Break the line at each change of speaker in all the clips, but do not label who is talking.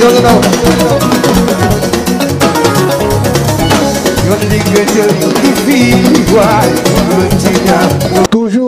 You're the one. You're the one. You're the one.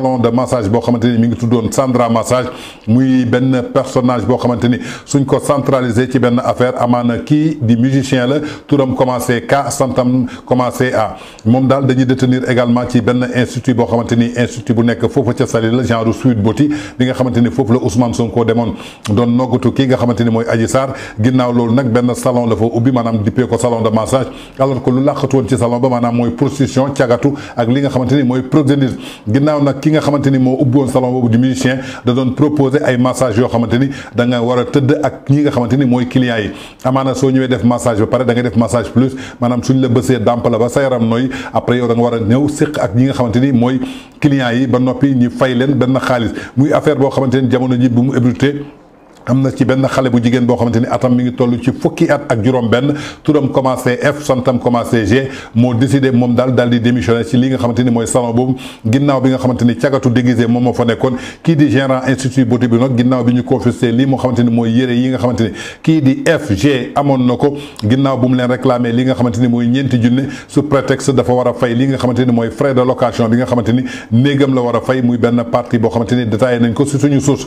salon de massage beaucoup xamante ni mi Sandra massage oui ben personnage beaucoup xamante ni suñ ko centraliser ci ben affaire amaana kii di musicien la comment commencé K santam commencé à moom daal de détenir également qui ben institut boo xamante institut bu nekk faut ca mais le genre Sweet Beauty bi nga xamante faut foofu la Ousmane Sonko demoon doon noggatu kii qui xamante maintenir moi Adji Sarr guinard l'eau n'est salon la faut oublier madame du ko salon de massage alors que lu làqatu ci salon ba madame prostitution cagatu ak li nga xamanteni moy mooy ginnaw nag ki nga xamanteni mo moo salon bobu du musicien da doon proposer ay massage yo xamanteni da nga wara teud ak ñi nga xamanteni moy client yi amaana soo ñëwee def massage ba paré da nga def massage plus manam suñ la bësee damp la ba sayram noy après yow da nga wara a ñëw ak ñi nga xamanteni ni client yi ba nopi ñi fay leen benn xaalis muy affaire bo xamanteni jamono ji bu mu ébruté am na ci benn xale bu jigéen boo xamante ni atam mi ngi toll ci fukki at ak juróom-benn turam commencé F santam commencé G moo décidé moom daal daal di démissionné ci li nga xamante ni mooy salon boobu ginnaaw bi nga xamante ni cagatu déguisé moom moo fa nekkoon kii di gérant institut beauté bi nag ginnaaw bi ñu confisqué moo xamante ni mooy yére yi nga xamante kii di FG amoon na ko ginnaaw bu mu leen réclamé li nga xamante ni mooy ñeenti junne su prétexte dafa war a fay li nga xamante ni mooy frais de location bi nga xamante ni néegam la war a fay muy benn partie boo xamante ni détaillé nañ ko si suñu source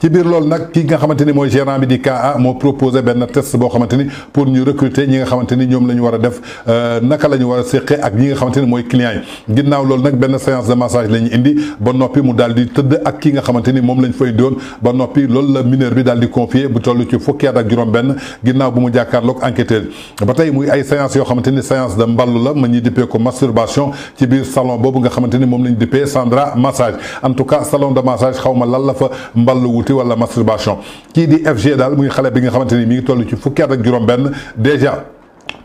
ci bir lol nak ki nga xamanteni moy gérant bi di KA mo proposer ben test bo xamanteni pour ñu recruter ñi nga xamanteni ñom lañu wara ñu war def naka lañu wara war ak ñi nga xamanteni moy client yi ginnaw lol nak ben séance de massage lañu indi ba nopi mu daldi teud ak ki nga xamanteni mom lañ fay doon ba nopi lol la mineur bi daldi confier bu tollu ci fukki at ak juroom ben ginnaw bu mu jàkkaarloog enquêteur ba tay muy ay séance yo xamanteni séance de mballu la ma ñi dippee ko masturbation ci bir salon bobu nga xamanteni mom moom la Sandra massage en tout cas salon de massage xawma lan la fa mballu wuti wala masturbation kii di FG dal muy xalé bi nga xamanteni mi ngi tollu ci fukki at ak juróom ben déjà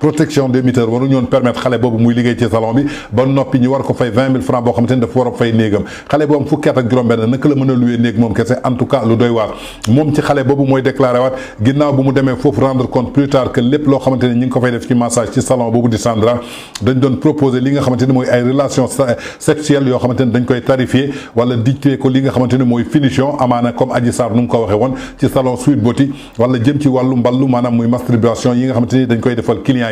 protection des mineurs waru ñoon permettre xalé bobu muy liggéey ci salon bi ba nopi ñu war ko fay 20000 francs bo xamante da dafa war fay négam xalé bobu fukki at ak juróom-benn naka la mëna a luwee mom kessé en tout cas lu doy war mom ci xalé bobu moy déclarer waat ginnaw bu mu démé fofu rendre compte plus tard que lepp lo xamante ñing ko fay def ci massage ci salon bobu di Sandra dañ doon proposer li nga xamante moy ay relations sexuelles yo xamante dañ koy tarifier wala dicter ko li nga xamante moy finition amana comme Adji Sar num ko waxé won ci salon suite Beauty wala jëm ci walu mballu manam muy masturbation yi nga xamante dañ koy defal client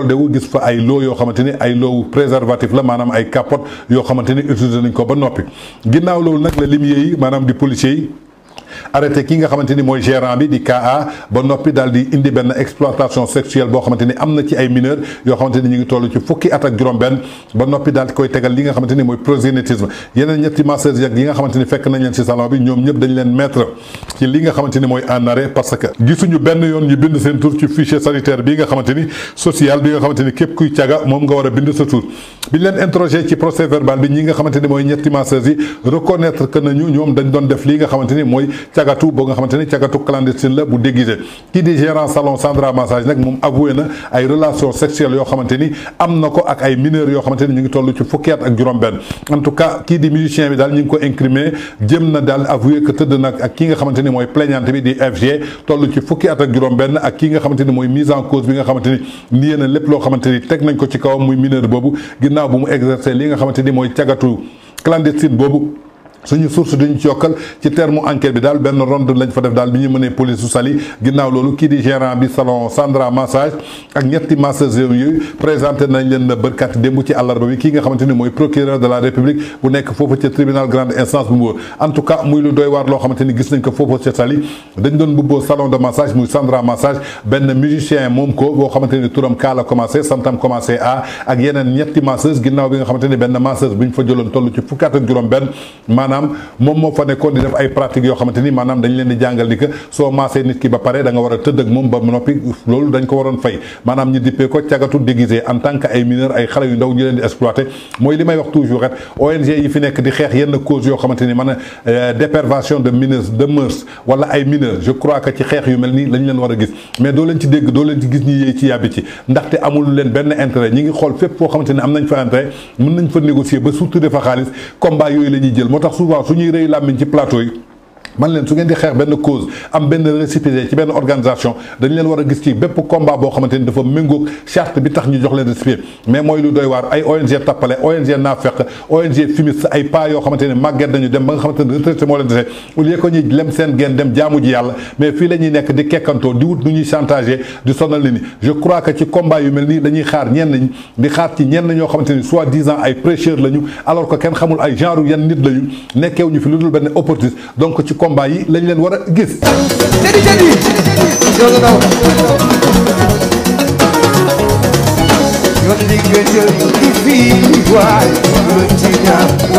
soldé wu gis fa ay loo yoo xamante ni ay loowu préservatif la maanaam ay capote yoo xamante ni utiliser nañ ko ba noppi ginnaaw loolu nag la limier yi maanaam di policier yi arrêté ki nga xamante ni mooy gérant bi di KA ba noppi daal di indi benn exploitation sexuelle boo xamante ni am na ci ay mineur yoo xamante ni ñu ngi toll ci fukki at ak juróom-benn ba noppi daal di koy tegal li nga xamante ni mooy prosénétisme yeneen ñetti masseurs yeeg yi nga xamante ni fekk nañ leen si salon bi ñoom ñëpp dañ leen mettre ci li nga xamante ni mooy en arrêt parce que gisuñu benn yoon ñu bind seen tur ci fichier sanitaire bi nga xamante ni social bi nga xamante ni képp kuy caga moom nga war a bind sa tur biñ leen interrogé ci procès verbal bi ñi nga xamante ni mooy ñetti masseurs yi reconnaître que nañu ñoom dañ doon def li nga xamante ni mooy cagatu boo nga xamante ne cagatu clandestine la bu déguisé kii di gérant salon Sandra Massage nag moom avoué na ay relations sexuelles yoo xamante ni am na ko ak ay mineurs yoo xamante ni ñu ngi toll ci fukki at ak juróom-benn en tout cas kii di musicien bi ngi ko incriminé jëm na daal avoué que tëdd nag ak ki nga xamante ni mooy plaignante bi di toll ci fukki at ak juróom-benn ak ki nga xamante ni mooy mise en cause bi nga xamante ni nii na lépp loo xamante ni teg nañ ko ci kawam muy mineur boobu ginnaaw bu mu exercer li nga xamante ni mooy cagatu clandestine boobu. suñu source duñ ciokal ci terme enquête bi dal ben ronde lañ fa def dal biñu ñu police su Saly ginnaaw loolu kii di gérant bi salon Sandra massage ak ñetti masseuses yu présenté nañ leen na bërkat dembu ci àllarba bi kii nga xamanteni moy procureur de la république bu nekk fofu ci tribunal grande instance bu Mbour en tout cas muy lu doy war lo xamanteni gis nañ ko fofu ci sali dañ doon mbubboo salon de massage muy Sandra massage ben musicien mom ko bo xamanteni touram kala commencé santam commencé A ak yenen ñetti masseuses ginnaw bi nga xamanteni ben masseuse buñ fa jëloon tollu ci fukkaat ak juróom benn moom moo fa nekkoon di def ay pratiques yoo xamante maanaam dañ leen di jàngal ni soo maasee nit ki ba pare da nga war a tëdd moom ba noppi loolu dañ ko waroon fay maanaam ñi dippee ko cagatu déguisé en tant que ay mineur ay xale yu ndaw ñu leen di exploité mooy li may wax toujours rek ONG yi fi nekk di xeex yenn cause yoo xamante man euh, déperversion de mineurs de mœurs wala ay mineurs je que ci xeex yu mel nii lañ leen war a gis mais souvent su ñuy rëy làmmiñ ci plateau man len su ngeen di xex ben cause am benn récépissé ci ben organisation dañ leen wara a gis ci bépp combat bo xamanteni dafa méngoog charte bi tax ñu jox leen récépissé mais moy lu doy war ay ONG tapalé ONG naafeq ONG fumiste ay pa yo xamanteni ne dañu dem ba nga xamanteni ne retraité moo leen dese au lieu ko ñi lem sen geen dem jaamu ji yalla mais fi lañuy ñuy nekk di kekkantoo di wut duñuy ñuy chantager di sonal ni je crois que ci combat yu melni dañuy xaar ñen ñi di xaar ci ñen ñoo xamanteni ni soit disant ay prêcheurs lañu alors que ken xamul ay genre yan nit lañu nekkeew ñu fi lu dul benn opportuniste donc ci combat yi lañ leen war a gis. Teddy Teddy. Ndiol Ndao. yoon liggéey yooyu di fii waay lu ci ñaar.